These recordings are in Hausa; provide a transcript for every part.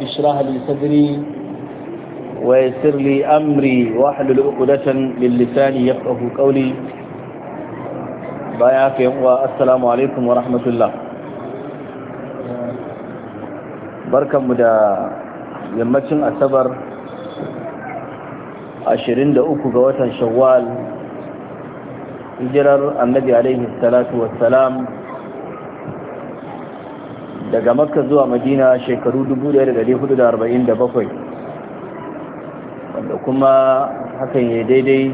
rabbi shirah li sadri wa yassir li amri wa hlul uqdatan lil lisani yafqahu qawli baya ka yawa assalamu alaikum wa rahmatullah barkanmu da yammacin asabar 23 ga watan shawwal hijirar annabi alaihi salatu wassalam daga makka zuwa madina shekaru 1447 wanda kuma hakan ya daidai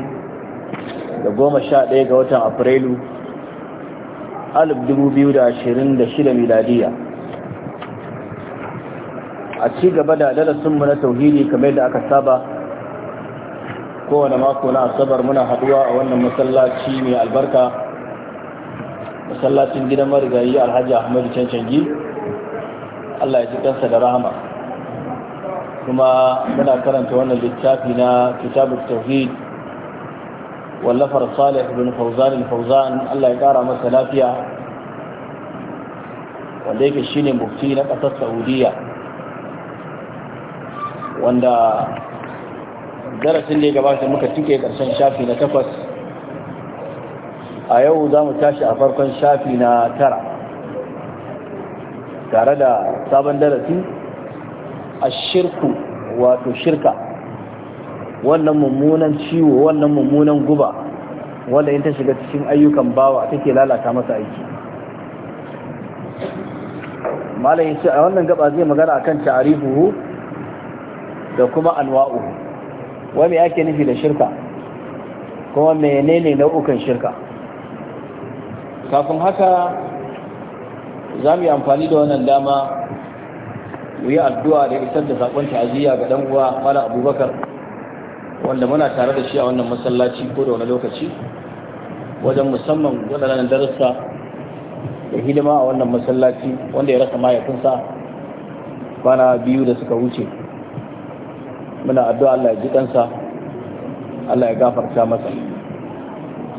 da goma sha ɗaya ga watan afrilu 2026 miladiya a ci gaba da darasinmu na tauhidi kamar da aka saba kowane mako na asabar muna haduwa a wannan masallaci mai albarka masallacin gidan marigayi alhaji ahmadu cancangi Allah ya ji kansa da rahama kuma muna karanta wannan littafi na kitabu tauhid wallafar Salih bin Fawzan bin fawzan Allah ya kara masa lafiya wanda yake shine mufti na ƙasar Saudiya wanda darasin da ya gabata muka cike ƙarshen shafi na takwas a yau za mu tashi a farkon shafi na tara tare da sabon darasi a shirku wato shirka wannan mummunan ciwo wannan mummunan guba wanda yin ta shiga cikin ayyukan bawa take lalata masa aiki malam su a wannan gaba zai magana a kan ta'arifuhu da kuma anwa'u wani ake nufi da shirka kuma menene nau'ukan shirka kafin haka za mu yi amfani da wannan dama mu yi addu'a da isar da saƙon ta'aziyya ga ɗan uwa mala abubakar wanda muna tare da shi a wannan masallaci ko da wani lokaci wajen musamman waɗannan darussa da hidima a wannan masallaci wanda ya rasa mahaifinsa bana biyu da suka wuce muna addu'a Allah ya ji ɗansa Allah ya gafarta masa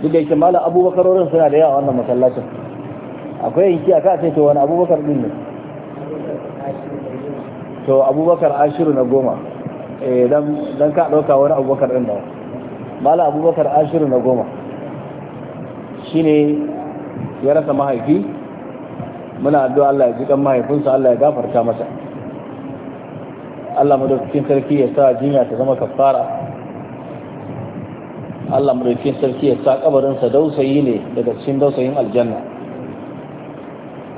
duk da yake mala abubakarorin suna da yawa wannan masallacin akwai yanki a kasai to wani abubakar din ne to abubakar ashiru na goma eh dan dan ka dauka wani abubakar din da mala abubakar ashiru na goma shine ya rasa mahaifi muna addu'a Allah ya ji kan mahaifinsa Allah ya gafarta masa Allah madaukakin sarki ya sa jinya ta zama kafara Allah madaukakin sarki ya sa kabarin sa dausayi ne daga cikin dausayin aljanna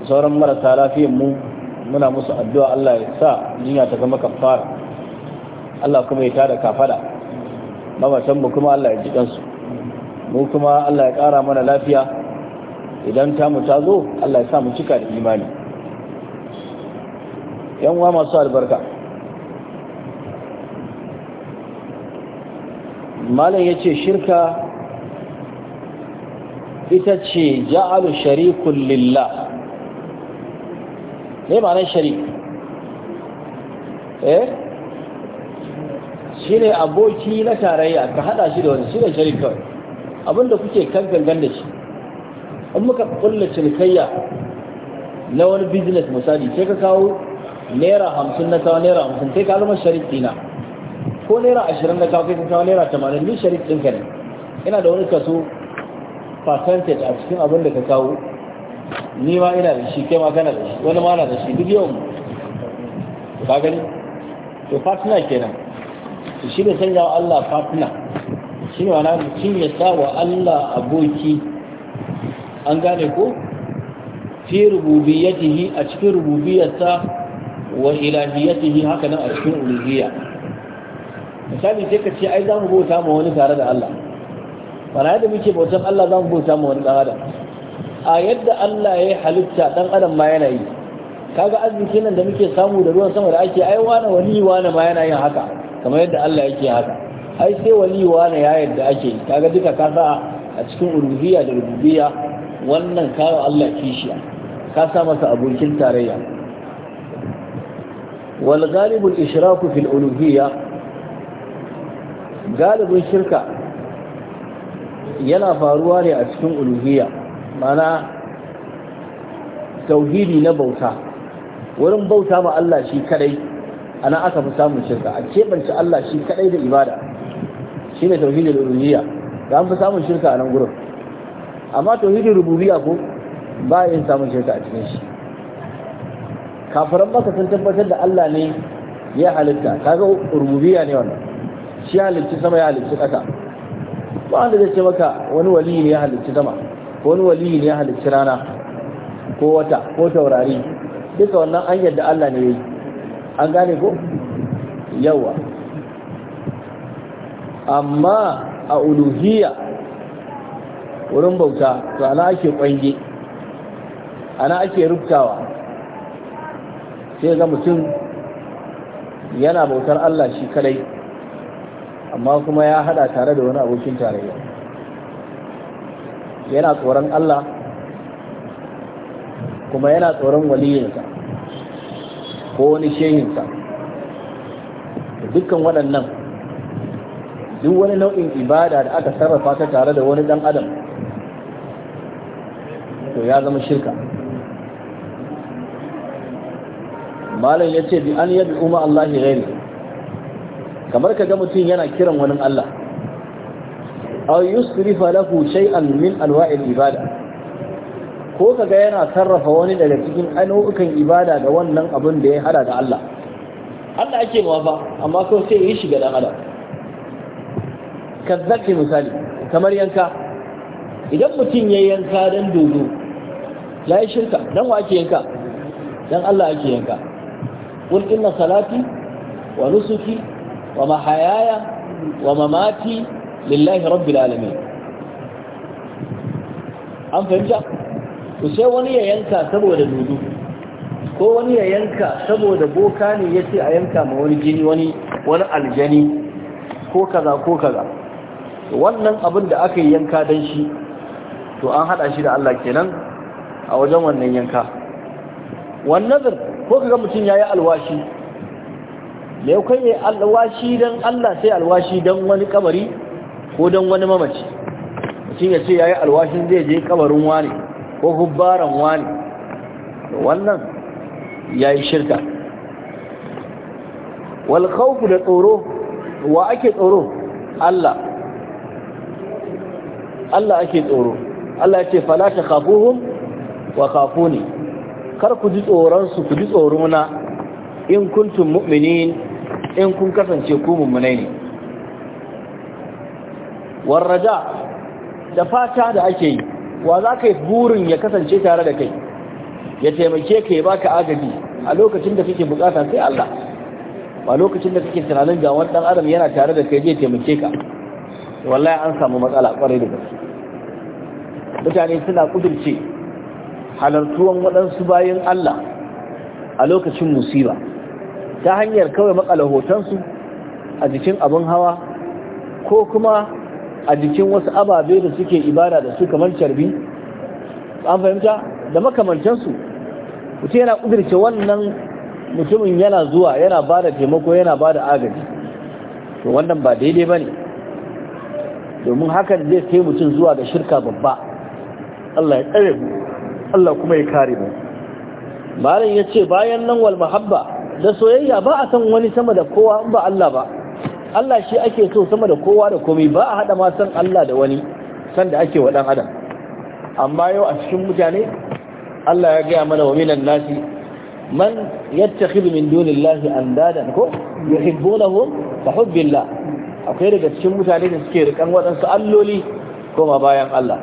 sauran marasa lafiyar mu muna musu addu'a Allah ya sa jinya ta zama kafara Allah kuma ya tada kafada mabatan mu kuma Allah ya ji kansu mu kuma Allah ya ƙara mana lafiya idan tamu ta zo Allah ya sa mu cika da imani yan uwa masu albarka malam ya ce shirka ita ce ja'alu sharikun lillah ne ma'anar shari? eh shi ne aboki na tarayya ka hada shi da wani shi ne shari kawai abinda kuke kan gangan da shi in muka kulle cinikayya na wani business misali sai ka kawo naira hamsin na kawo naira hamsin sai ka zama shari dina ko naira ashirin na kawo kai ka kawo naira tamanin ni shari ɗinka ne ina da wani kaso percentage a cikin abin da ka kawo ni ma ina da shi kai ma kana da shi wani ma na da shi duk yawan ka gani to fatina kenan to shi ne sanya wa Allah fatina shi ne wani mutum ya sa wa Allah aboki an gane ko fi rububiyatihi a cikin rububiyarsa wa ilahiyatihi haka nan a cikin uluhiyya misali sai ka ce ai za mu bauta ma wani tare da Allah bana yadda muke bautan Allah za mu bauta ma wani dan adam a yadda Allah ya halitta dan adam ma yana yi kaga azumin nan da muke samu da ruwan sama da ake ai wani wali wani ma yana yin haka kamar yadda Allah yake haka ai sai wali wani ya yadda ake kaga duka ka sa a cikin uluhiyya da rububiyya wannan kawo Allah kishiya ka sa masa abokin tarayya wal ghalibul ishraku fil uluhiyya galibin shirka yana faruwa ne a cikin uluhiyya mana tauhidi na bauta wurin bauta ma Allah shi kadai ana aka fi samun shirka a keɓance Allah shi kadai da ibada shi ne tauhidin rububiyya da an fi samun shirka a nan gurin amma tauhidin rububiyya ko ba a yin samun shirka a cikin shi kafiran baka sun tabbatar da Allah ne ya halitta ga rububiyya ne wannan shi halitta sama ya halitta ƙasa ba wanda zai ce maka wani wali ne ya halitta sama wani waliyu ne ya rana ko wata ko taurari duka wannan an yadda Allah ne yi an gane ko yawa amma a uluhiyya wurin bauta to ana ake kwange ana ake rubtawa sai ga mutum yana bautar Allah shi kadai amma kuma ya hada tare da wani abokin tarayya yana tsoron Allah kuma yana tsoron waliyinsa ko wani shehinsa dukkan waɗannan duk wani nau'in ibada da aka sarrafa ta tare da wani ɗan adam to ya zama shirka malam ya ce bi an yadda umar Allah ya kamar ka ga mutum yana kiran wani Allah aw yusrifa lahu shay'an min anwa'il ibada ko kaga yana sarrafa wani daga cikin nau'ukan ibada da wannan abin da ya hada da Allah Allah ake ma ba amma ko sai yi shiga dan adam kazzaki misali kamar yanka idan mutum ya yanka dan dodo ya yi shirka dan wa ake yanka dan Allah ake yanka qul inna salati wa nusuki wa mahayaya wa mamati lillahi rabbil alamin an fahimta Ku sai wani ya yanka saboda dudu ko wani ya yanka saboda boka ne ya ce a yanka ma wani jini wani wani aljani ko kaza ko kaza wannan abin da aka yi yanka don shi to an hada shi da Allah kenan a wajen wannan yanka wannan ko kaga mutum yayi alwashi me kai yayi alwashi dan Allah sai alwashi dan wani kamari ko don wani mamaci mutum ya ce ya yi alwashin zai je kabarin wani ko hubbaran wani wannan ya yi shirka walkhaufu da tsoro wa ake tsoro Allah Allah ake tsoro Allah ce fala ta khafuhum wa khafuni kar ku ji tsoronsu ku ji na. in kuntum mu'minin in kun kasance ku mummunai ne warraja da fata da ake yi wa za ka yi burin ya kasance tare da kai ya taimake ka ya baka agaji a lokacin da kake bukata sai Allah ba lokacin da kake tunanin ga wani dan adam yana tare da kai zai taimake ka wallahi an samu matsala kwarai da gaske mutane suna kudurce halartuwan waɗansu bayan Allah a lokacin musiba ta hanyar kawai makala hotonsu a jikin abin hawa ko kuma a jikin wasu ababe da suke ibada da su kamar carbi an fahimta da makamantansu wuce yana kudurce wannan mutumin yana zuwa yana ba da taimako yana ba da agaji to wannan ba daidai ba ne domin hakan zai kai mutum zuwa ga shirka babba Allah ya tsare mu Allah kuma ya kare mu malam ya ce bayan nan wal mahabba da soyayya ba a san wani sama da kowa ba Allah ba Allah shi ake so sama da kowa da komai ba a hada ma san Allah da wani san da ake wa dan adam amma yau a cikin mutane Allah ya gaya mana wa minan nasi man yattakhidhu min dunillahi andada ko yuhibbunahum fa hubbillah akwai daga cikin mutane da suke rikan waɗansu alloli ma bayan Allah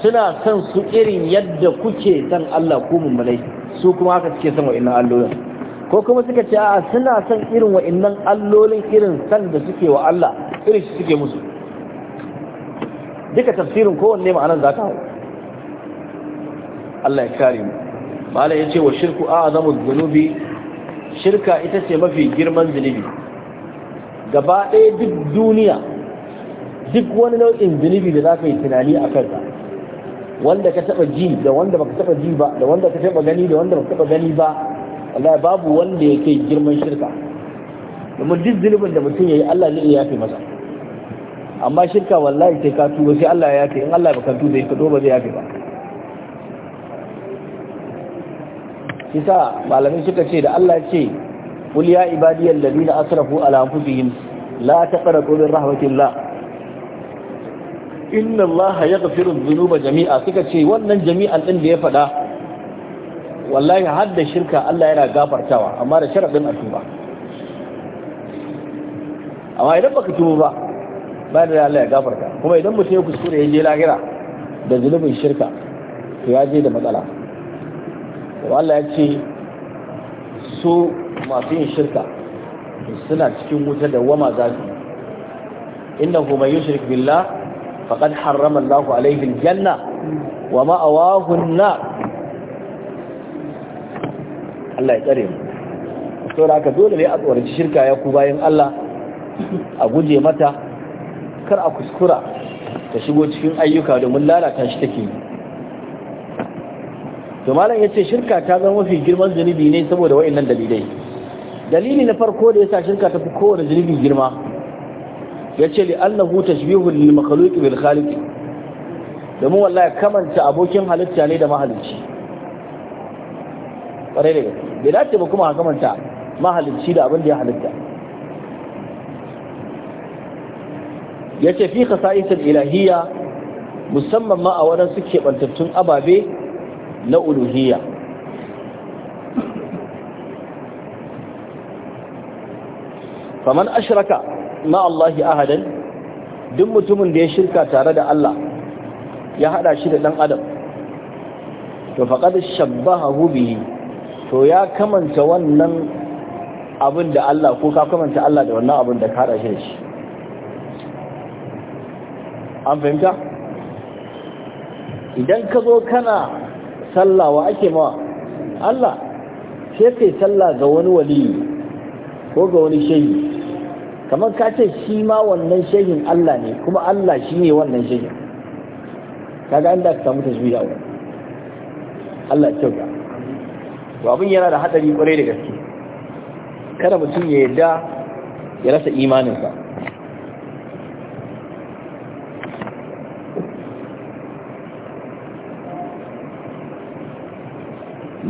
suna san su irin yadda kuke san Allah ku malai su kuma haka suke wa wa'annan allolin ko kuma suka ce a suna son irin wa'annan allolin irin san da suke wa Allah irin shi suke musu duka tafsirin kowanne ma'anar za ka hau Allah ya kare mu malai ce wa shirku a'zamu zunubi shirka ita ce mafi girman zunubi gaba ɗaya duk duniya duk wani nau'in zunubi da za ka yi tunani a kansa wanda ka taba ji da wanda baka taba ji ba da wanda ka taba gani da wanda baka taba gani ba wallahi babu wanda ya kai girman shirka domin duk zulubin da mutum yayi Allah zai ya fi masa amma shirka wallahi sai ka tuba sai Allah ya yafe in Allah ba baka tuba ka ba zai yafe ba kisa malamin suka ce da Allah ce qul ya ibadiyal ladina asrafu ala anfusihim la taqnatu min rahmatillah inna Allah yaghfiru dhunuba jami'a suka ce wannan jami'an din da ya fada wallahi har da shirka Allah yana gafartawa amma da sharaɗin a tuba amma idan baka tuba ba ba da Allah ya gafarta kuma idan mutum ya kuskure ya je lahira da zunubin shirka to ya je da matsala to Allah ya ce su masu yin shirka suna cikin wuta da wama za su innahu man yushrik billah faqad harrama Allahu alayhi aljanna wa ma'awahu Allah ya tsare mu da aka dole ne a tsoraci shirka ya ku bayan Allah a guje mata kar a kuskura ta shigo cikin ayyuka domin lalata shi take to malam yace shirka ta zama mafi girman zunubi ne saboda wayannan dalilai dalili na farko da yasa shirka ta fi kowane zunubi girma yace li annahu tashbihu lil makhluq bil khaliq domin wallahi kamanta abokin halitta ne da mahalicci ƙwarai da gaske bai dace ba kuma a kamanta mahalicci da abin da ya halitta ya ce fi khasa'isar ilahiyya musamman ma a waɗansu keɓantattun ababe na uluhiyya faman ashraka ma Allahi ahadan duk mutumin da ya shirka tare da Allah ya haɗa shi da ɗan adam to faƙad shabbaha bihi to ya kamanta wannan abin da Allah ko ka kamanta Allah da wannan abin da kada shi shi an fahimta idan ka zo kana sallawa ake ma Allah sai kai sallah ga wani wali ko ga wani shehi kamar ka ce shi ma wannan shehin Allah ne kuma Allah shi ne wannan shehin kaga inda ka samu tashbihi a Allah ya kyauta to abin yana da hadari kwarai da gaske kada mutum ya yadda ya rasa imaninsa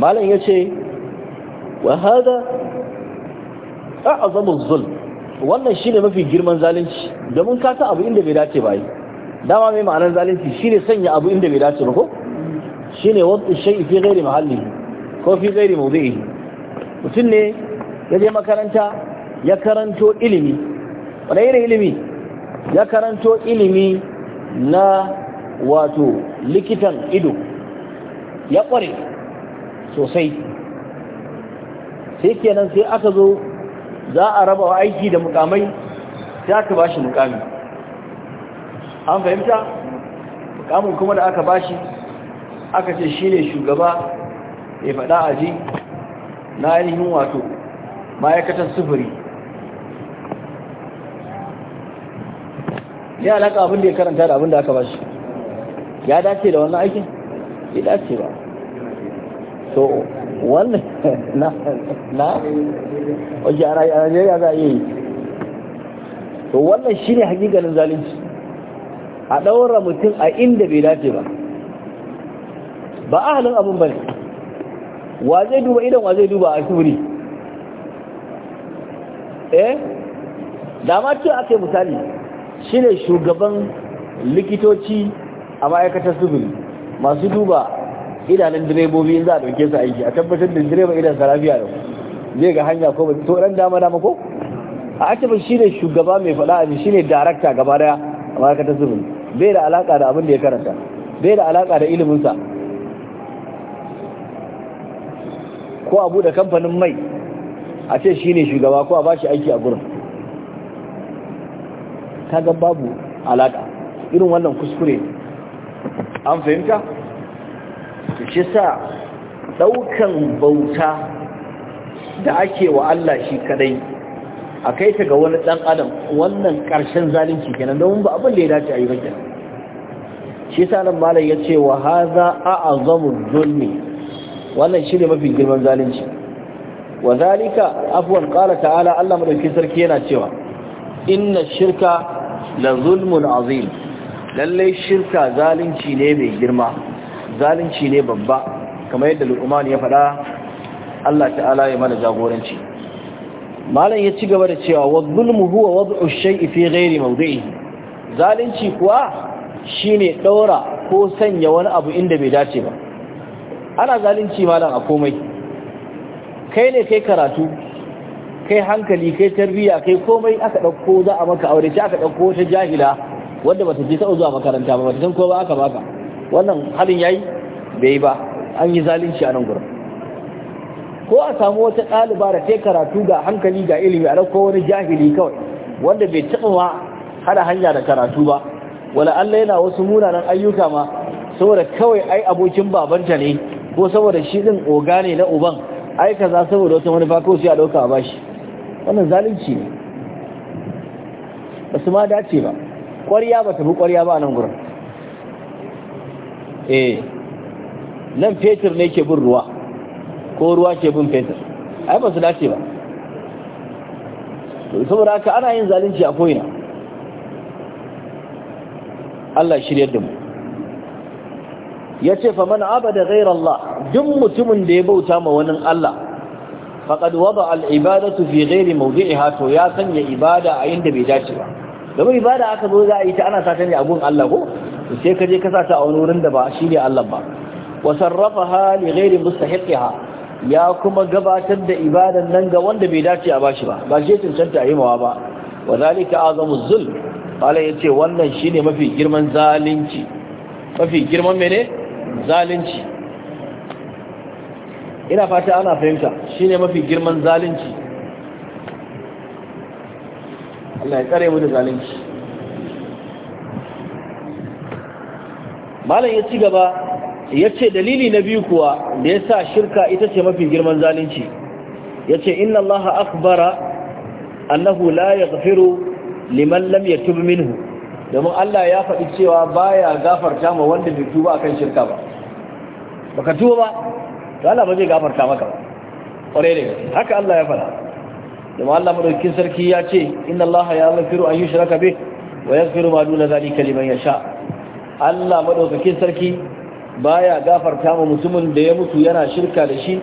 malam ya ce wa hada a'azamu zulm wannan shine mafi girman zalunci domin ka abu inda bai dace ba yi dama mai ma'anar zalunci shine sanya abu inda bai dace ba ko shine wata shay'i fi ghairi mahallihi ko fi zai yi. mutum ne ya je makaranta ya karanto ilimi wani irin ilimi ya karanto ilimi na wato likitan ido ya kware sosai sai kenan sai aka zo za a raba wa aiki da mukamai sai aka ba shi mukami an fahimta mukamin kuma da aka ba shi aka ce shi ne shugaba ya faɗa a ji na ainihin wato ma'aikatan sufuri ya alaƙa abin da ya karanta da abin da aka ba shi ya dace da wannan aikin ya dace ba so wannan na na wajen a najeriya za a yi to wannan shi ne hakikalin zalunci a ɗaura mutum a inda bai dace ba ba ahalin abin ba ne wa zai duba idan wa zai duba a suri eh dama ce ake misali shine shugaban likitoci a ma'aikatar sufuri masu duba idanun direbobi za a dauke su aiki a tabbatar da direba idan sarafiya yau zai ga hanya ko to ran dama dama ko a ake shi ne shugaba mai faɗa a shi ne darakta gaba daya a ma'aikatar sufuri bai da alaƙa da abin da ya karanta bai da alaƙa da iliminsa ko a buɗe kamfanin mai a ce shi ne shugaba ko a ba shi aiki a gurin Ta ga babu alaƙa irin wannan kuskure an fahimta? ce sa ɗaukan bauta da ake wa Allah shi kadai a kai ta ga wani ɗan adam wannan ƙarshen zalunci kenan don ba abin da ya dace a yi bakin shi sa nan malar ya ce wa haza a azamun zulmi wannan shi ne mafi girman zalunci wa zalika afwan qala ta'ala Allah madaukakin sarki yana cewa inna shirka la zulmun azim lalle shirka zalunci ne mai girma zalunci ne babba kamar yadda Luqman ya faɗa Allah ta'ala ya mana jagoranci malam ya ci gaba da cewa wa zulmu huwa wad'u shay'i fi ghairi mawdi'ihi zalunci kuwa shine daura ko sanya wani abu inda bai dace ba ana zalunci malam a komai kai ne kai karatu kai hankali kai tarbiyya kai komai aka ɗauko za a maka aure sai aka ɗauko ta jahila wanda bata je sau zuwa makaranta ba bata san ko ba aka baka wannan halin yayi bai yi ba an yi zalunci a nan gurin ko a samu wata ɗaliba da kai karatu ga hankali ga ilimi a ko wani jahili kawai wanda bai taba ma hada hanya da karatu ba wala Allah yana wasu munanan ayyuka ma saboda kawai ai abokin babanta ne ko saboda shi din oga ne na uban ai kaza saboda wata manufa ko sai a dauka a bashi wannan zalunci ne ba su ma dace ba ƙwarya ba ta bi ƙwarya ba a nan gurin eh nan fetur ne ke bin ruwa ko ruwa ke bin fetur ai ba su dace ba saboda haka ana yin zalunci a koyina Allah shiryar da mu ya ce fa man abada ghayra Allah duk mutumin da ya bauta ma wani Allah faqad wada al ibadatu fi ghairi mawdi'iha to ya sanya ibada a inda bai dace ba domin ibada aka zo za a yi ta ana sata ne a gun Allah ko sai ka je ka sa ta a wani wurin da ba shi ne Allah ba wa sarrafaha li ghairi mustahiqiha ya kuma gabatar da ibadan nan ga wanda bai dace a bashi ba ba shi cancanta a yi mawa ba wa zalika azamu zulm Allah ya ce wannan shine mafi girman zalunci mafi girman mene zalunci ina fata ana fahimta shine mafi girman zalunci Allah ya tsare mu da zalunci malam ya ci gaba ya ce dalili na biyu kuwa da ya sa shirka ita ce mafi girman zalunci ya ce inna Allah akbara annahu la ya liman lam ya minhu domin Allah ya faɗi cewa baya gafarta ma wanda bai tuba akan shirka ba baka tuba ba to Allah ba zai gafarta maka ba Ƙware ne haka Allah ya faɗa domin Allah madaukakin sarki ya ce inna Allah ya yaghfiru an yushraka bih wa yaghfiru ma duna zalika liman yasha Allah madaukakin sarki baya gafarta ma mutumin da ya mutu yana shirka da shi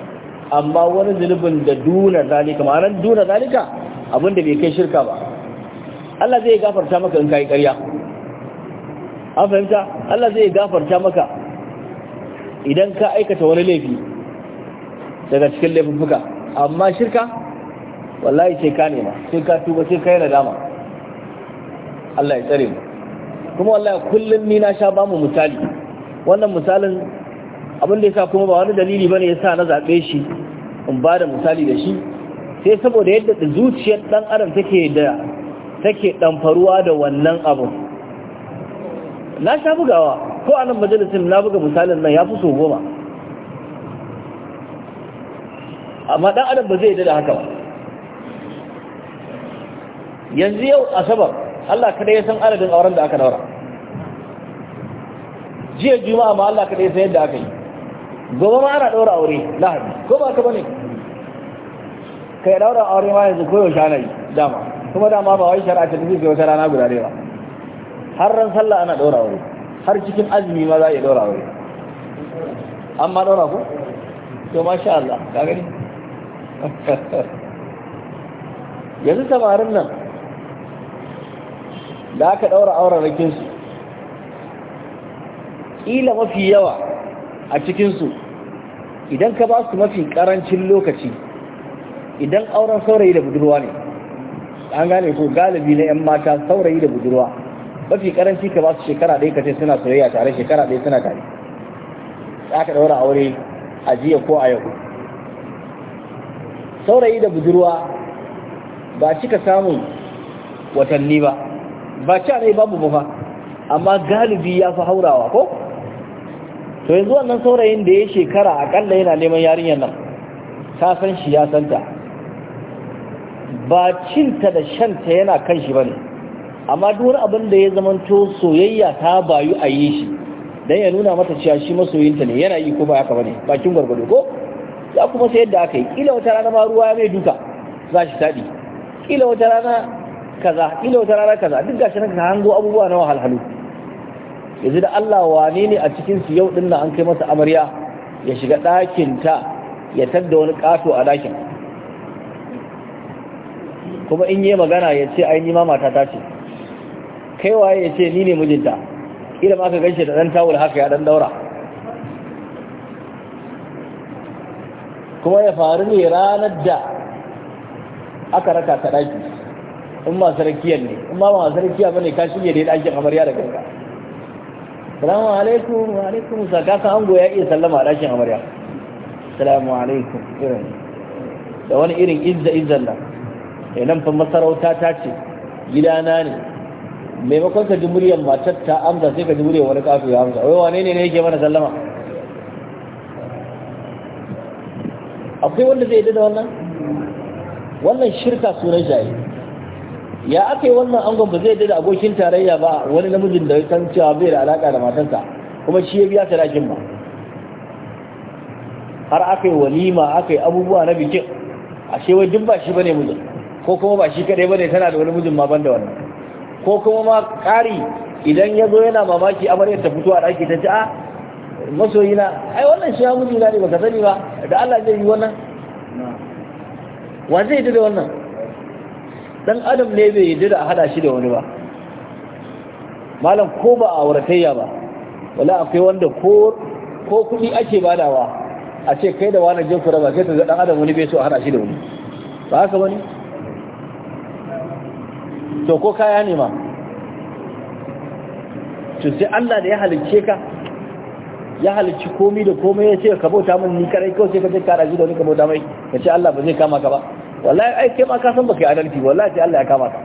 amma wani zunubin da duna zalika ma'anar duna zalika abinda bai kai shirka ba Allah zai gafarta maka in kai ƙarya an fahimta Allah zai gafarta maka idan ka aikata wani laifi daga cikin laifuffuka amma shirka wallahi sai ka nema sai ka tuba sai ka yi nadama Allah ya tsare mu kuma wallahi kullum ni na sha bamu misali wannan misalin abin da yasa kuma ba wani dalili bane yasa na zabe shi in ba misali da shi sai saboda yadda zuciyar dan adam take da take ɗanfaruwa da wannan abu na sha bugawa ko a nan majalisun na buga misalin nan ya fi so goma amma ɗan adam ba zai yi da haka ba yanzu yau asabar Allah kada ya san adadin auren da aka daura jiya juma'a ma Allah kada ya san yadda aka yi gobe ma ana daura aure lahadi ko ba ka bane kai daura aure ma yanzu koyo shanayi dama kuma dama ba wai shar'a ta tafi wata rana guda ɗaya ba har ran sallah ana ɗora wuri har cikin azumi ma za a iya ɗora wuri amma ɗora ku to masha Allah ka gani yanzu samarin nan da aka ɗaura auren rakinsu ƙila mafi yawa a cikinsu idan ka ba su mafi ƙarancin lokaci idan auren saurayi da budurwa ne an gane ko galibi na yan mata saurayi da budurwa mafi karanci ka ba su shekara ɗaya kace suna soyayya tare shekara ɗaya suna tare ka ɗaura aure a jiya ko a yau saurayi da budurwa ba cika samun watanni ba ba ci ne babu ba fa amma galibi ya fi haurawa ko to yanzu wannan saurayin da ya shekara akalla yana neman yarinyar nan ta san shi ya santa ba cinta da shanta yana kan shi ba ne amma duwar abin da ya zamanto soyayya ta bayu a yi shi don ya nuna mata cewa shi masoyinta ne yana yi ko ba haka ba ne bakin gwargwado ko ya kuma sai yadda aka yi ƙila wata rana ma ruwa mai duka za shi taɗi ƙila wata rana kaza ƙila wata rana kaza duk gashi na hango abubuwa na wahalhalu yanzu da Allah wane ne a cikin su yau ɗin an kai masa amarya ya shiga ɗakin ta ya tadda wani ƙato a ɗakin kuma in yi magana ya ce ai nima mata ta ce kai waye ya ce ni ne mijinta idan aka gaishe da dan tawul haka ya dan daura kuma ya faru ne ranar da aka raka ta daki in masu rakiyar ne in ba masu rakiya bane ka shige da dakin amarya da kanka salamu alaikum wa alaikum saka san ango ya iya sallama a dakin amarya salamu alaikum irin da wani irin izza izzan nan Eh, nan fa masarauta ta ce gidana ne maimakon ka ji muryar matar ta amsa sai ka ji muryar wani kafin ya amsa wai wane ne ne yake mana sallama akwai wanda zai da wannan wannan shirka sunan shayi ya aka yi wannan angon ba zai da abokin tarayya ba wani namijin da san cewa bai da alaka da matansa kuma shi ya biya sadakin ba har aka yi walima aka yi abubuwa na bikin ashe wai duk ba shi ba ne mijin ko kuma ba shi kadai bane tana da wani mijin ma banda wannan ko kuma ma ƙari idan ya zo yana mamaki amaryar ta fito a ɗaki ta ji a ah, masoyina ai wannan shi ya na ne baka sani ba da Allah zai yi wannan wa zai yi da wannan dan adam ne bai yi da a hada shi da wani ba malam ko ba a auratayya ba wala akwai wanda ko ko kudi ake badawa a ce kai da wani jinkura ba sai ta ga dan adam wani bai so a hada shi da wani ba haka bane to ko kaya ne ma to sai Allah da ya halicce ka ya halicci komai da komai ya ce ka bauta min ni karai kawai sai ka je raji da ni ka bauta mai ka ce Allah ba zai kama ka ba wallahi ai kai ma ka san baka yi adalci wallahi sai Allah ya kama ka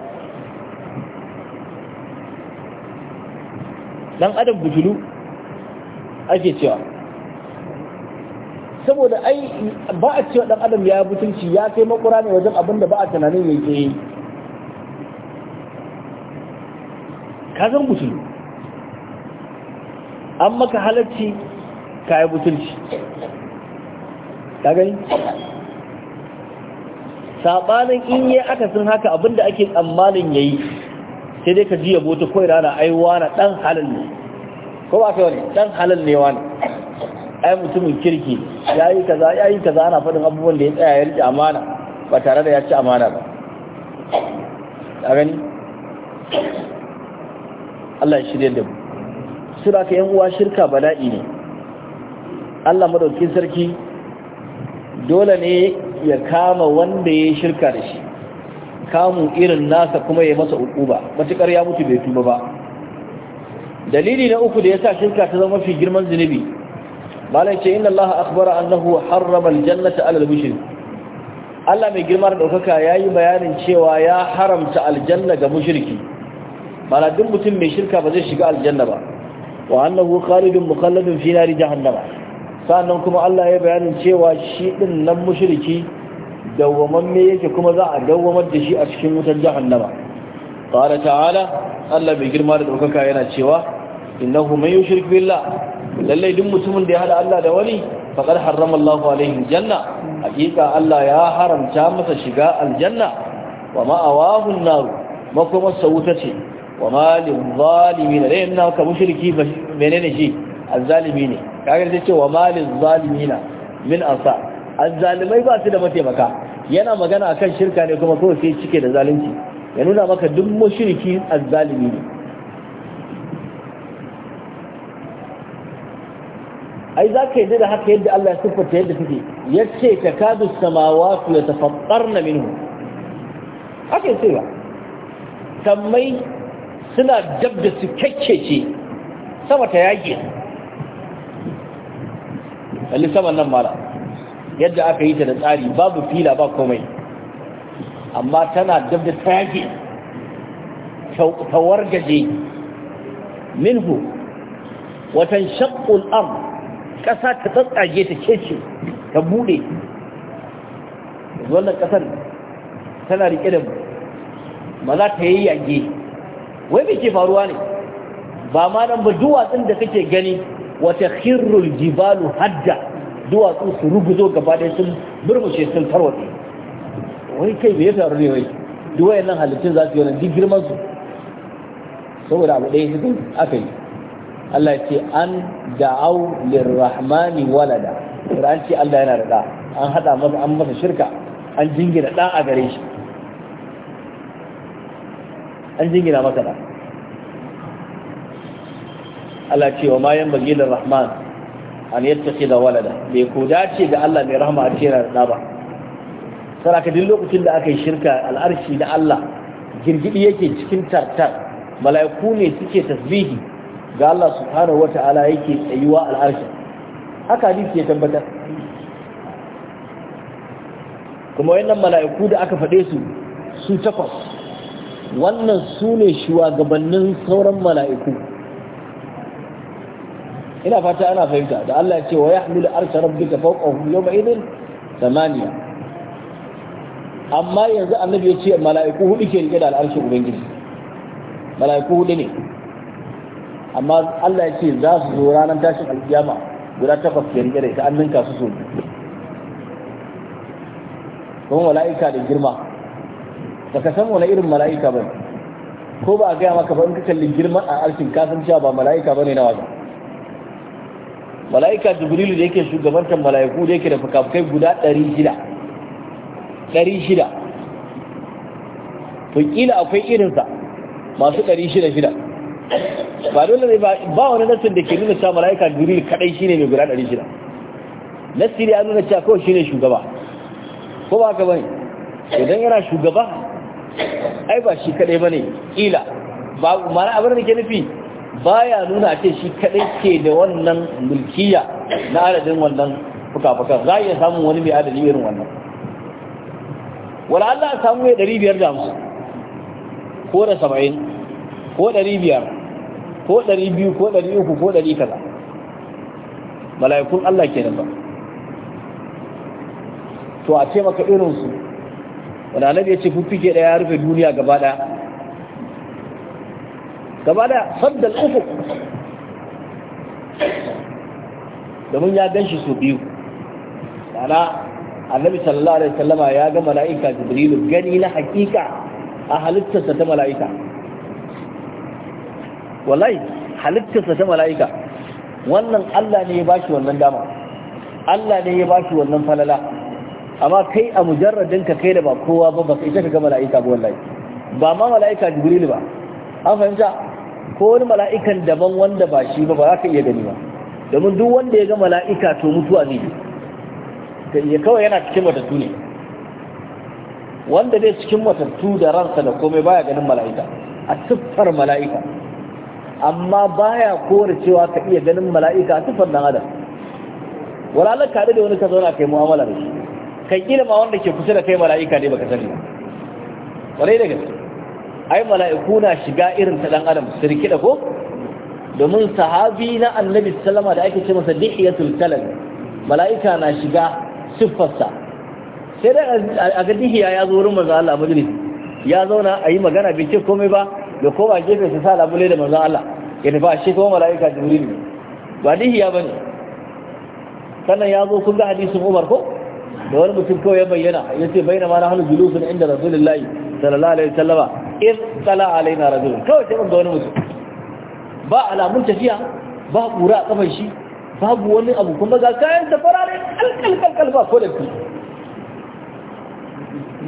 dan adam bujulu ake cewa saboda ai ba a cewa dan adam ya butunci ya kai makura ne wajen abinda ba a tunanin yake yi ka zan musulmi an maka halarci ka yi mutunci, ka gani saɓanin in yi aka sun haka abinda ake tsammanin ya yi sai dai ka ji yabo ta kawai rana aiwa na ɗan halin ne ko ba ka wani ɗan halin ne wani ai mutumin kirki ya yi kaza ya yi kaza ana faɗin abubuwan da ya tsaya ya riƙe amana ba tare da ya ci amana ba a gani Allah ya shirya da mu su da yan uwa shirka bala'i ne Allah madaukin sarki dole ne ya kama wanda ya shirka da shi kamun irin nasa kuma ya masa ukuba matukar ya mutu bai tuba ba dalili na uku da yasa shirka ta zama mafi girman zunubi malai ce inna Allah akhbara annahu harrama aljannata ala al-mushrik Allah mai girma da daukaka yayi bayanin cewa ya haramta aljanna ga mushriki mana mutum mai shirka ba zai shiga aljanna ba wa annahu khalidun mukhalladun fi nari jahannama sannan kuma Allah ya bayanin cewa shi din nan mushriki dawwamamme yake kuma za a dawwamar da shi a cikin wutar jahannama qala ta'ala Allah bai girma da daukaka yana cewa innahu man yushrik billah lallai duk mutumin da ya hada Allah da wani faqad harrama Allahu alaihi janna hakika Allah ya haramta masa shiga aljanna wa ma'awahu an-nar makomarsa wuta ce wa malin zalimi na ɗayan na ka mushirki menene shi azzalimi ne kagar ta ce wa malin zalimi na min ansa azzalimai ba su da mataimaka yana magana a kan shirka ne kuma kawai sai cike da zalunci ya nuna maka duk mushirki azzalimi ne ai za ka yi da haka yadda Allah ya siffata yadda take ya ce ta kadu samawa su ya tafattar na minhu haka yi ba sammai suna dab da su kyakkece sama ta yage kalli saman nan mara yadda aka yi ta da tsari babu fila ba komai amma tana dab da ta yage tawar gaje minhu watan shakul am ƙasa ta tsatsage ta kece ta bude wannan ƙasar tana riƙe da ba za ta yayyage wai bai ke faruwa ne ba ma nan ba duwatsun da kake gani wata khirrul jibalu hadda duwatsu su rubuzo gaba da sun murmushe sun tarwatse wai kai bai faru ne wai duwayen nan halittun za su yi wani duk girman su saboda abu ɗaya hidin aka yi Allah ce an da'au lirrahmani walada an ce Allah yana da an haɗa masa an masa shirka an jingina ɗa a gare shi an jingina maka da Allah cewa ma yan bagilin rahman an yattaki da walada bai ko dace da Allah mai rahama a cikin da ba saraka duk lokacin da aka yi shirka al'arshi da Allah girgidi yake cikin tartar mala'iku ne suke tasbihi ga Allah subhanahu wata'ala yake tsayuwa al'arshi haka hadisi ya tabbatar kuma wannan mala'iku da aka faɗe su su takwas wannan su ne shugabannin sauran mala'iku ina fata ana fahimta da Allah ya ce wa ya hamilu arsha rabbika fawqahum yawma idin samaniya amma yanzu annabi ya ce mala'iku hudu ke rike da al'arshin ubangiji mala'iku hudu ne amma Allah ya ce za su zo ranar tashin alkiyama guda takwas ke rike da ita an ninka su so kuma mala'ika da girma baka san wani irin mala'ika ba ko ba a gaya maka ba in ka kalli girman a ka san cewa ba mala'ika ba ne na wasa mala'ika jibrilu da yake shugabantar mala'iku da yake da fukafukai guda ɗari shida ɗari shida to kila akwai sa masu ɗari shida shida ba dole ne ba wani nassin da ke nuna cewa mala'ika jibrilu kadai shine mai guda ɗari shida ya nuna cewa kawai shine shugaba ko ba ka bane idan yana shugaba ai ba shi kadai bane kila babu na abin da ke nufi baya nuna ce shi kadai ke da wannan mulkiya na adadin wannan fuka-fuka za a iya samun wani mai adadi irin wannan wala Allah samu mai musu ko da 70 ko 500 ko 200 ko 300 ko 100 kaza mala'ikun Allah ke nan ba to a ce maka irinsu wanda annabi ya ce fuffuke ɗaya ya rufe duniya gaba ɗaya gaba ɗaya saddal ufuk domin ya gan shi su biyu ana annabi sallallahu alaihi wasallama ya ga mala'ika jibrilu gani na hakika a halittarsa ta mala'ika wallahi halittarsa ta mala'ika wannan Allah ne ya ba shi wannan dama Allah ne ya ba shi wannan falala amma kai a mujarradin ka kai da ba kowa ba ba kai ka ga mala'ika ba wallahi ba ma mala'ika jibril ba an fahimta ko wani mala'ikan daban wanda ba shi ba ba za ka iya gani ba domin duk wanda ya ga mala'ika to mutuwa ne iya kawai yana cikin matattu ne wanda dai cikin matattu da ransa da komai baya ganin mala'ika a siffar mala'ika amma baya kore cewa ka iya ganin mala'ika a siffar dan adam wala ka da wani ka zauna kai mu'amala da shi kai ilma wanda ke kusa da kai mala'ika ne baka sani kwarai da gaske ai mala'iku na shiga irin ta dan adam su rikida ko domin sahabi na annabi sallama da ake ce masa dihiyatul talal mala'ika na shiga siffarsa sai da a ga dihiya ya zo wurin manzo Allah majalis ya zauna a yi magana bai ce komai ba da koma gefe su sa labule da manzo Allah ya tafi shi kuma mala'ika jibril ne ba dihiya bane sannan ya zo kun ga hadisin Umar ko da wani mutum kawai ya bayyana ya ce bayyana ma na hannu julusun inda rasulullahi sallallahu alaihi sallama, in tsala alaina rajul kawai sai ga wani mutum ba alamun tafiya ba kura a kafan shi babu wani abu kuma ga kayan da ne kalkalkalkal ba ko da fi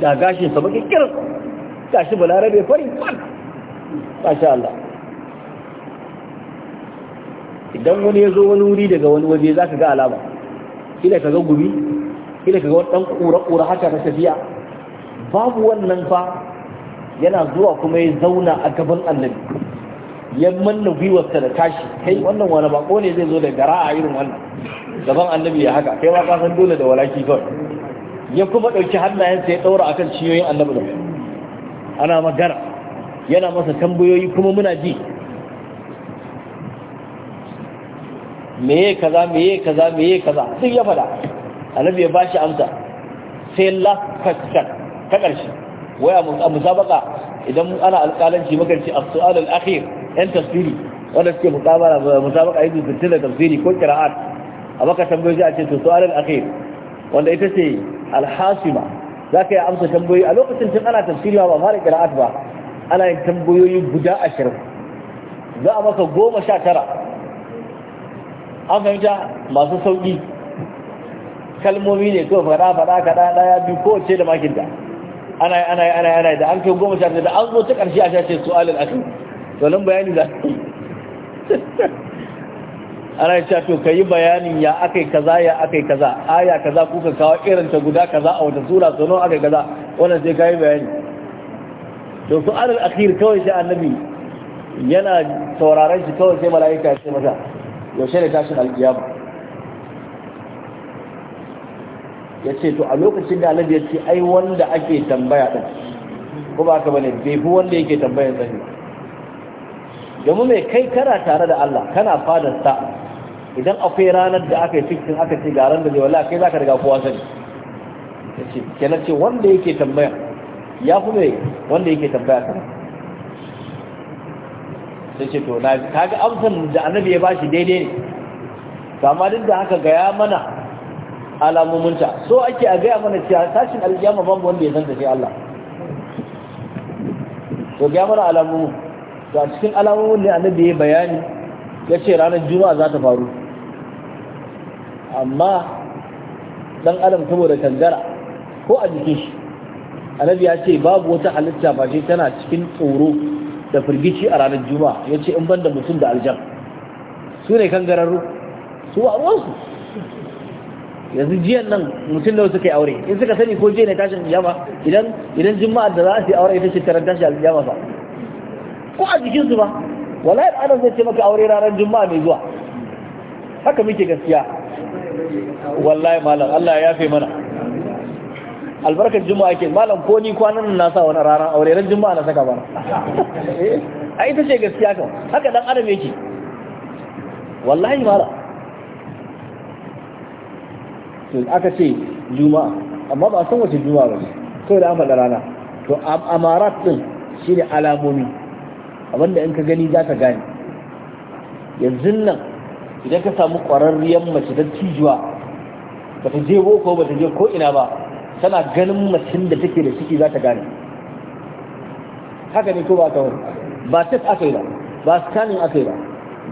da gashin sa baki kir gashi balarabe fari kwan masha Allah idan wani ya zo wani wuri daga wani waje za ka ga alama kila ka ga gumi kila ga wani dan kura-kura haka na tafiya babu wannan fa yana zuwa kuma ya zauna a gaban annabi ya manna gwiwarsa da tashi kai wannan wani bako ne zai zo da gara a irin wannan gaban annabi ya haka kai ma kasan san dole da walaki kawai ya kuma ɗauki hannayensa ya ɗaura akan ciyoyin annabi da ana magana yana masa tambayoyi kuma muna ji meye kaza meye kaza meye kaza duk ya faɗa annabi ya bashi amsa sai last question ta ƙarshe waya a musabaka idan ana alƙalanci makan ce as-su'al al-akhir yan tafsiri wanda suke musabaka musabaka yanzu su tilla tafsiri ko qira'at a maka tambayoyi a ce to su'al al-akhir wanda ita ce al-hasima zaka yi amsa tambayoyi a lokacin tun ana tafsiri ba fara qira'at ba ana yin tambayoyi guda 20 za a maka goma sha tara an fahimta masu sauƙi kalmomi ne kawai fara fara kada daya biyu ko ce da makinta ana yi ana yi ana yi ana yi da an kai goma sha da an zo ta karshe a shashe su'alin akai to nan bayani za ana yi to ka yi bayanin ya akai kaza ya akai kaza aya kaza kuka kawo irin ta guda kaza a wata sura sono akai kaza wannan sai ka yi bayani to su'alin akhir kawai sai annabi yana sauraron shi kawai sai mala'ika ya ce masa yaushe ne tashin alkiyama ya ce to a lokacin da alabi ya ce ai wanda ake tambaya ɗin ko ba ka bane bai fi wanda yake tambayan sani domin mai kai kana tare da Allah kana fadar sa idan akwai ranar da aka yi fikin aka ce ga ran da zai wallahi kai ka riga kowa sani ya ce kenan ce wanda yake tambaya ya fi mai wanda yake tambaya ka sai ce to na kaga amsan da annabi ya bashi daidai ne amma duk da haka gaya mana alamominta so ake a gaya mana cewa tashin alkiyama babu wanda ya zanta shi sai Allah to gaya mana alamomin to a cikin alamomin ne annabi ya bayani ya ce ranar juma'a za ta faru amma dan adam saboda kangara ko a jikin shi annabi ya ce babu wata halitta ba tana cikin tsoro da firgici a ranar juma'a Yace in banda mutum da aljan su ne kangararru su a ruwansu yanzu jiyan nan mutum da suka yi aure in suka sani ko jiya ne tashin aljama idan idan juma'a da za a yi aure ita ce tarar tashin aljama fa ko a jikin su ba wallahi adam zai ce maka aure ranar juma'a mai zuwa haka muke gaskiya wallahi malam Allah ya yafe mana albarkar juma'a ke malam ko ni kwanan na sa wani ranar aure ran juma'a na saka bana eh, a ita ce gaskiya kan haka dan adam yake wallahi malam to aka ce juma'a amma ba san wace juma'a ba ne da amma faɗa rana to amarat din shine alamomi abinda in ka gani zaka gane yanzu nan idan ka samu ƙwararriyar mace da tijuwa ba ta je boko ba ta je ko ina ba tana ganin mutum da take da ciki za ta gane haka ne ko ba ka wani ba test aka yi ba ba scanning aka yi ba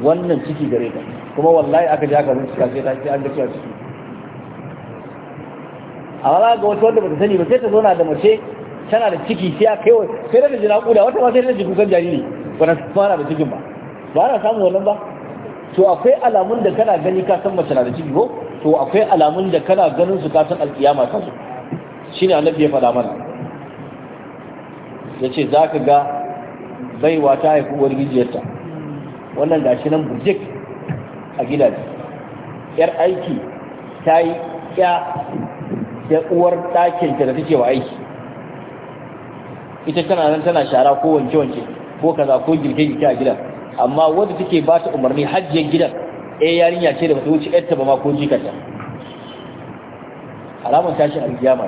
wannan ciki gare ta kuma wallahi aka je aka zuciya sai ta ce an ga ciki A za ga wata wanda bata sani ba sai ta zo na da mace tana da ciki sai a kai sai da jira kuda wata ma sai da jikin san jariri ba na fara da cikin ba ba na samu wannan ba to akwai alamun da kana gani ka san mace na da ciki ko to akwai alamun da kana ganin su ka san alkiyama ta su shine annabi ya faɗa mana yace zaka ga baiwa ta haifi uwar gijiyarta wannan gashi nan burjik a gidaje yar aiki ta yi ya da uwar ɗakinta da take wa aiki ita tana nan tana shara ko wanke-wanke ko kaza ko girke-girke a gidan amma wanda take ba ta umarni hajjiyar gidan eh yarinya ce da ba ta wuce ƴarta ba ma ko jikanta alamar tashin alkiyama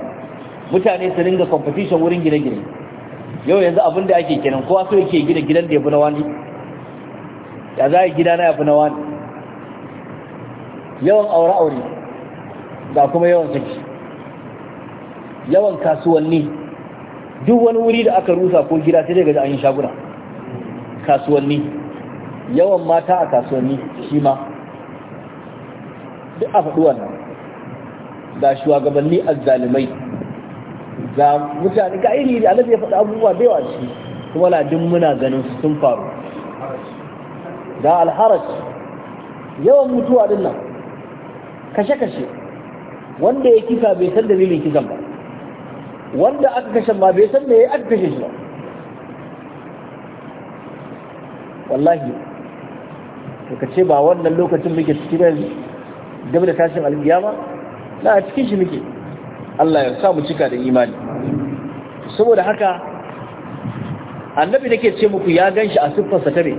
mutane su ringa competition wurin gine-gine yau yanzu abin da ake kenan kowa so yake gina gidan da ya fi na wani ya za a gida na ya fi na wani yawan aure-aure ga kuma yawan saki yawan kasuwanni duk wani wuri da aka rusa ko gida sai daga an yi shaguna kasuwanni yawan mata a kasuwanni shi ma duk a faɗi wannan ga shugabanni azzalimai ga mutane ga iri da alabi ya faɗi abubuwa da yawa ciki kuma na muna ganin su sun faru ga alharaj yawan mutuwa din nan kashe-kashe wanda ya kisa bai san dalilin kisan ba wanda aka kashe ma bai san me ya aka kashe shi ba wallahi ka ce ba wannan lokacin muke ciki ba yanzu game da tashin alƙiyama na cikin shi muke Allah ya sa mu cika da imani saboda haka annabi nake ce muku ya ganshi a siffarsa ne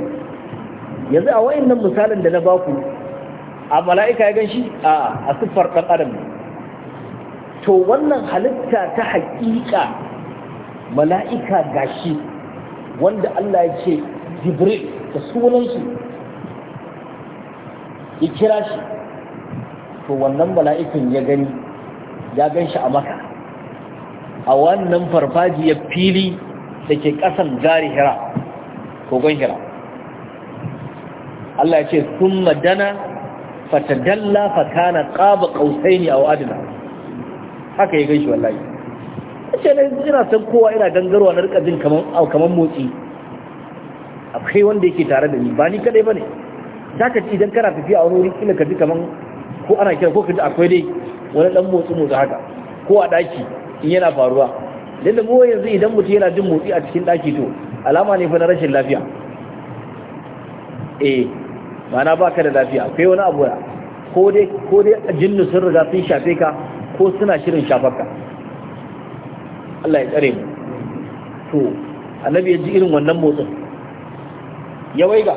yanzu a wayannan misalin da na baku a mala'ika ya ganshi a a siffar dan adam ne to wannan halitta ta haƙiƙa mala'ika gashi wanda Allah ya ce jibril da sunansu ya kira shi to wannan mala'ikin ya gani ya gan shi a maka a wannan farfajiyar fili da ke ƙasan jari hira kogon hira Allah ya ce sun madana fatadalla fatana ƙaba ƙausai ne a wa'adina haka ya gaishe wallahi ce ne yi san kowa ina gangarwa na rika jin kaman kaman motsi akwai wanda yake tare da ni ba ni kadai bane ka ci idan kana tafiya a wani wuri kila ka ji kaman ko ana kira ko ka ji akwai dai wani dan motsi motsi haka ko a daki in yana faruwa lalle mu yanzu idan mutum yana jin motsi a cikin daki to alama ne fa na rashin lafiya eh ba ka da lafiya akwai wani abu ko dai ko dai jinnu sun riga sun shafe ka ko suna shirin shafarka Allah ya tsare mu to annabi ya ji irin wannan motsin ya waiga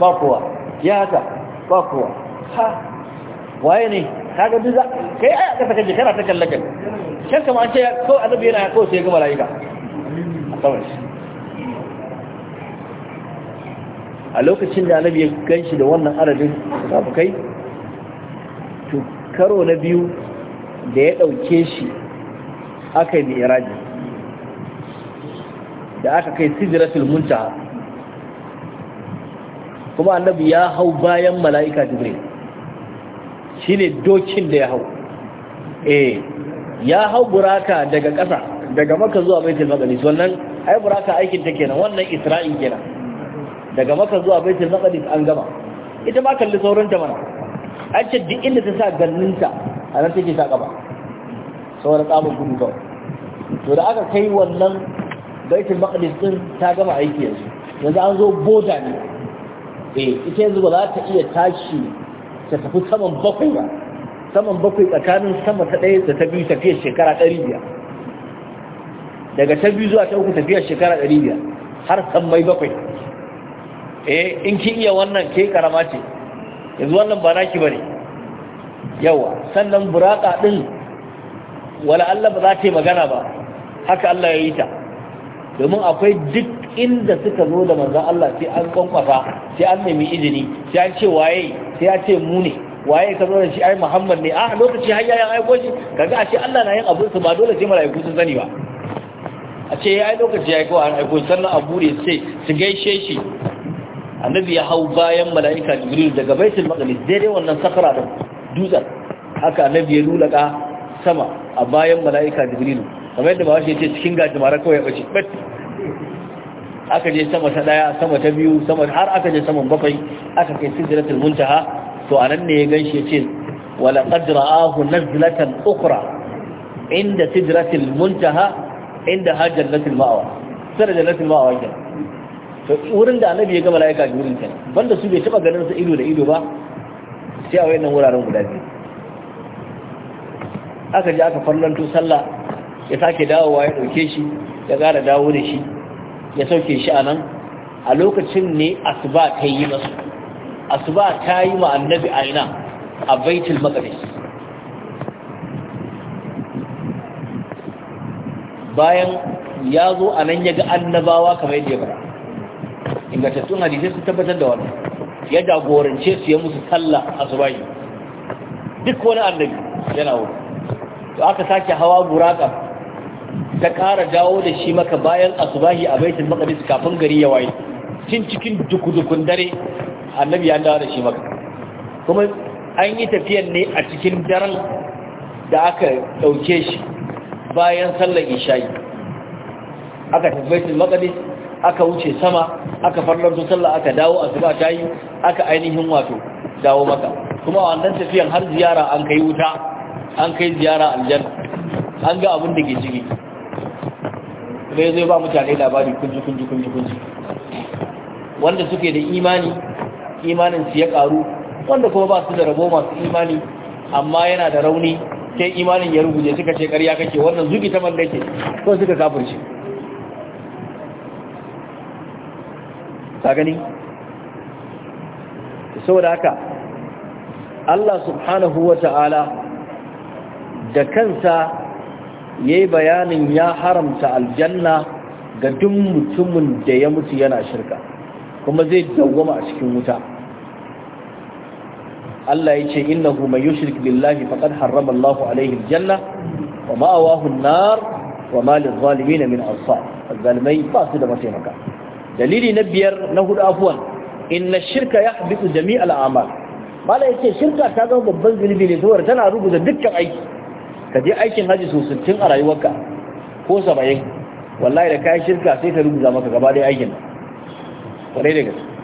ba kowa ya haka ba kowa ha waye ne kaga duk za kai ai ka saka jikara ta kallaka kan an ce ko annabi yana ko sai ga malaika a lokacin da annabi ya ganshi da wannan adadin sabukai to karo na biyu da ya ɗauke shi aka yi mi'iraji da aka kai sidratul filmunta kuma annabi ya hau bayan mala'ika jibril ne dokin da ya hau eh ya hau buraka daga ƙasa daga maka zuwa baitul maqdis wannan ai buraka aikin ta kenan wannan isra'il kenan daga maka zuwa baitul maqdis an gama ita ma kalli sauran ta mana an ce duk inda ta sa ganninta a nan take ta kaba da tsabar gudu kawai to da aka kai wannan baitul maqdis din ta gama aiki yanzu yanzu an zo boda ne eh ita yanzu ba za ta iya tashi ta tafi saman bakwai ba saman bakwai tsakanin sama ta ɗaya da ta biyu tafiyar shekara ɗari biyar daga ta biyu zuwa ta uku tafiyar shekara ɗari biyar har san mai bakwai eh in kin iya wannan ke karama ce yanzu wannan ba naki bane yawa sannan buraka din wala Allah ba za ta yi magana ba haka Allah ya yi ta domin akwai duk inda suka zo da manzan Allah sai an kwankwasa sai an nemi izini sai an ce waye sai ya ce mu ne waye ka zo da shi ai Muhammad ne a ah, lokaci har yayin aiko shi kaga a ce Allah na yin abin su ba dole sai mala'iku sun sani ba a ce ai lokaci ya aiko an aiko sannan a bude sai su gaishe shi annabi ya hau bayan mala'ika Jibril daga Baitul Maqdis daidai wannan sakara da dutsen haka annabi ya lulaka sama a bayan mala'ika jibrilu kamar yadda shi ya ce cikin mara kawai ya ɓace ɓace. aka je sama ta ɗaya sama ta biyu sama har aka je saman bakwai aka kai sidratul muntaha to anan ne ya ganshi ya ce wala qad ra'ahu nazlatan ukhra inda sidratul muntaha inda hajjatul ma'awa sirra jannatul ma'awa ke to wurin da annabi ya ga mala'ika jibril kenan banda su bai taba ganin su ido da ido ba sai a wayannan wuraren guda biyu aka ji aka farlanto sallah ya sake dawowa ya dauke shi ya gara dawo da shi ya sauke shi a nan a lokacin ne asuba ta yi masu asuba ta yi wa annabi aina a baitul maqdis bayan ya zo a nan ya ga annabawa kamar yadda ya fara ingantattun hadisai sun tabbatar da wannan ya jagorance su ya musu sallah asubahi duk wani annabi yana wuri to aka sake hawa buraka ta ƙara dawo da shi maka bayan asubahi a baitul maqdis kafin gari ya waye cin cikin dukudukun dare annabi ya dawo da shi maka kuma an yi tafiyan ne a cikin daren da aka dauke shi bayan sallar isha'i aka tafi baitul maqdis aka wuce sama aka farlanto sallah aka dawo asuba ta yi aka ainihin wato dawo maka kuma a wannan tafiyan har ziyara an kai wuta an kai ziyara aljanna an ga abin da ke ciki sai zai ba mutane labari kunji kunji kunji kunji wanda suke da imani imanin su ya karu wanda kuma ba su da rabo masu imani amma yana da rauni sai imanin ya rubuce suka ce ƙarya kake wannan zuki ta mallake ko suka kafirce ka gani saboda haka Allah subhanahu wa ta'ala da kansa ya yi bayanin ya haramta aljanna ga duk mutumin da ya mutu yana shirka kuma zai dawwama a cikin wuta Allah ya ce innahu mai yushrik billahi faqad harrama Allahu alaihi aljanna wa ma'awahu an-nar wa ma lil-zalimin min ansar zalimai ba su da mataimaka dalili na biyar na hudu afuwan inna shirka ya habitu jami'al amal ya ce shirka ta zama babban zunubi ne saboda tana rubuta dukkan aiki ka je aikin hajji so 60 a rayuwarka ko 70 wallahi da kayan shirka sai ta rubuta maka gaba da aikin kwarai da gaske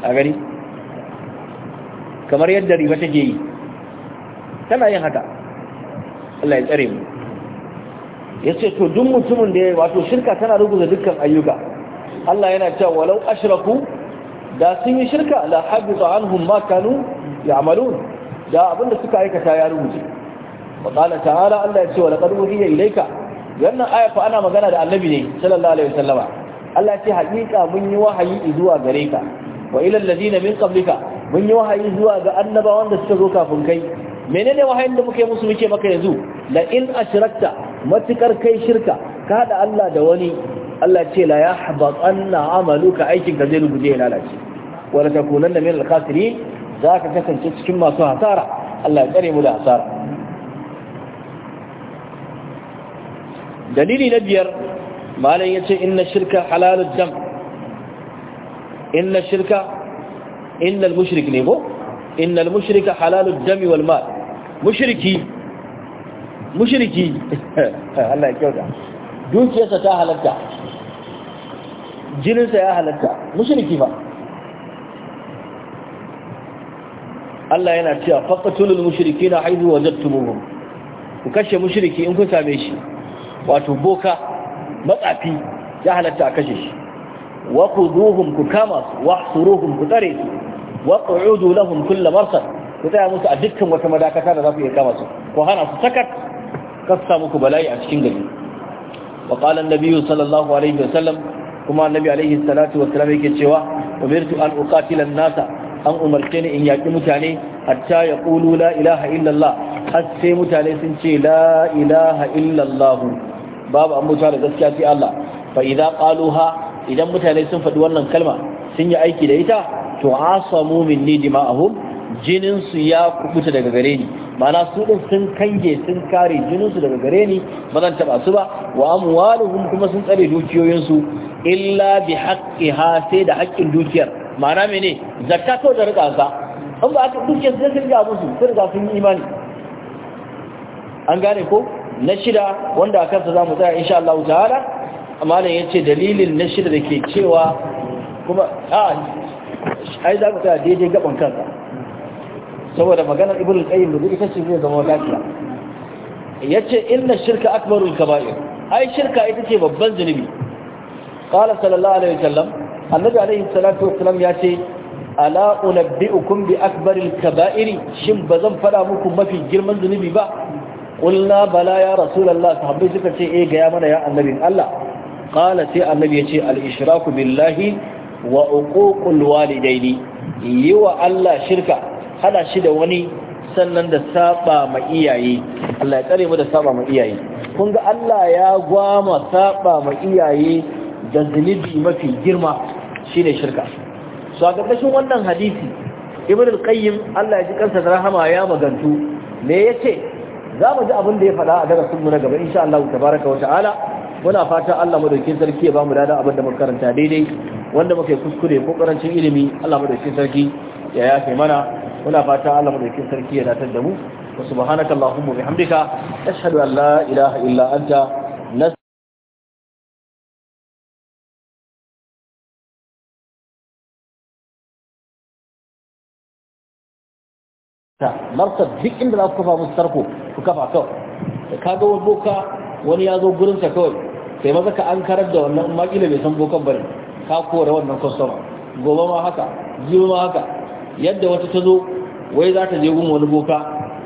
a gari kamar yadda riba take yi tana yin haka Allah ya tsare mu ya ce to duk mutumin da ya wato shirka tana ruguza dukkan ayyuka Allah yana cewa walau ashraku da sun yi shirka la habita anhum ma kanu ya'malun da abinda suka aikata ya rubuce wa qala ta'ala Allah ya ce wa laqad uhiya ilayka wannan aya fa ana magana da annabi ne sallallahu alaihi wasallama Allah ya ce hakika mun yi wahayi zuwa gare ka wa ila alladhina min qablika mun yi wahayi zuwa ga annabawan da suka zo kafin kai menene wahayin da muke musu muke maka yanzu la in ashrakta matukar kai shirka ka hada Allah da wani Allah ce la yahbatanna amaluka aikin ka zai rubuje ya lalace kunan da min al za ka kasance cikin masu hasara Allah ya tsare mu da hasara dalili na biyar malam yace inna shirka halalud dam inna shirka inna al-mushrik ne ko inna al-mushrika halalud dam wal mal mushriki Mushiriki, Allah ya kyauta dukiyarsa ta halatta jininsa ya halatta mushiriki ba Allah yana cewa faqatulul mushrikeena haythu wajadtumuhum ku kashe mushriki in kun same shi wato boka matsafi ya halatta a kashe shi wa quduhum ku kama su wa hsuruhum ku tare su wa qu'udu lahum kull marsad ku tsaya musu a dukkan wata madakata da za su iya kama su ku hana su sakat kasta muku bala'i a cikin gari wa qala an sallallahu alaihi wasallam kuma annabi alaihi salatu yake cewa umirtu an uqatila an-nasa an umarce ni in yaki mutane hatta yaqulu la ilaha illallah har sai mutane sun ce la ilaha illallah babu an mutuwa da gaskiya sai Allah fa idza qaluha idan mutane sun faɗi wannan kalma sun yi aiki da ita to asamu minni dima'ahum jininsu ya kubuta daga gare ni mana su din sun kange sun kare jininsu daga gare ni ba zan taba su ba wa amwaluhum kuma sun tsare dukiyoyinsu illa bi ha sai da haƙƙin dukiyar mana mene zakka ko da rika sa in ba aka dukiyar sai sun ga musu sun ga sun yi imani an gane ko na shida wanda a kansa za mu tsaya insha Allah ta'ala amalan yace dalilin na shida da ke cewa kuma a ai za ku tsaya daidai gaban kanka saboda maganar ibn al-qayyim da ita ce zai zama lafiya yace inna shirka akbarul kaba'ir ai shirka ita ce babban zunubi qala sallallahu alaihi wasallam annabi alaihi salatu wasallam yace ala unabbiukum bi akbaril kaba'iri shin bazan fada muku mafi girman zunubi ba qulna bala ya rasulullah sahabbai suka ce eh ga ya mana ya Annabi Allah qala sai annabi yace al-ishraku billahi wa uququl walidaini yi wa Allah shirka hada shi da wani sannan da saba ma iyaye Allah ya tsare mu da saba ma iyaye kun ga Allah ya gwama saba ma iyaye da zunubi mafi girma shine shirka so a ƙarƙashin wannan hadisi ibn al-qayyim Allah ya ji kansa da rahama ya magantu me yace za mu ji abin da ya faɗa a darasin mu na gaba insha Allah tabaaraka wa ta'ala muna fata Allah madaukakin sarki ya mu dada abin da muka karanta daidai wanda muke kuskure ko karancin ilimi Allah madaukakin sarki ya yafe mana muna fata Allah madaukakin sarki ya datar da mu wa subhanaka allahumma bihamdika ashhadu an la ilaha illa anta ta martar duk inda za ku kafa musu tarko ku kafa kawai da ka ga boka wani ya zo gurinsa kawai sai maza ka an karar da wannan makila bai san bokan bane ka kore wannan kwastoma gobe ma haka jiyo ma haka yadda wata ta zo wai za ta je gun wani boka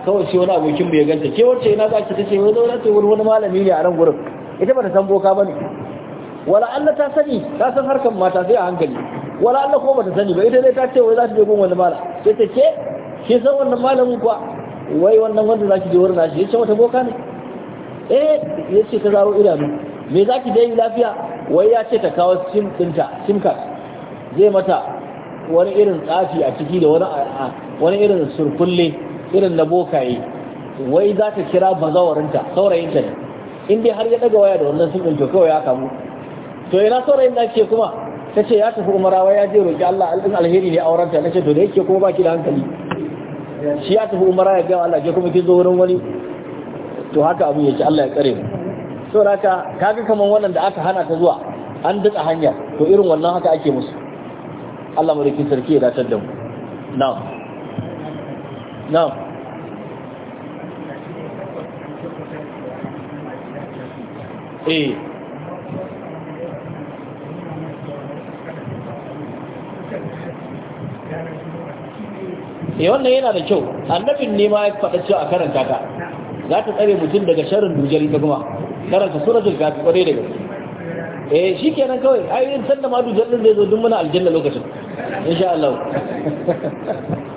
kawai sai wani abokin bai ganta ke wacce ina za ki tace wai zo ta wurin wani malami ne a ran gurin ita ba ta san boka bane wala Allah ta sani ta san harkan mata sai a hankali wala Allah ko ba ta sani ba ita dai ta ce wai za ta je gun wani malam sai ta ce ke san wannan malamin kuwa wai wannan wanda za ki je wurin nashi yace wata boka ne eh yace ta zaro idanu me za ki dai lafiya wai ya ce ta kawo sim ɗinta sim card zai mata wani irin tsafi a ciki da wani wani irin surkulle irin na bokaye wai za ta kira bazawarinta saurayinta ne in dai har ya daga waya da wannan sun to kawai ya kamu to ina saurayin da ke kuma ta ce ya tafi umarawa ya je roƙi Allah alɗin alheri ne aurenta na ce to da yake kuma baki da hankali shi ya tafi umara ya ga Allah ke kuma ki zo wurin wani to haka abu ya ce Allah ya tsare mu saboda haka kaga kaman wannan da aka hana ta zuwa an dutsa hanya to irin wannan haka ake musu Allah madaukin sarki ya datar da mu na'am na'am eh E, wannan yana da kyau annabin ne ma ya faɗa cewa a karanta ka za ta tsare mutum daga sharrin dujari ta kuma karanta suratul gafi kwarai da gaske eh shi kenan kawai ai in sanda ma din zai zo dun muna aljanna lokacin insha Allah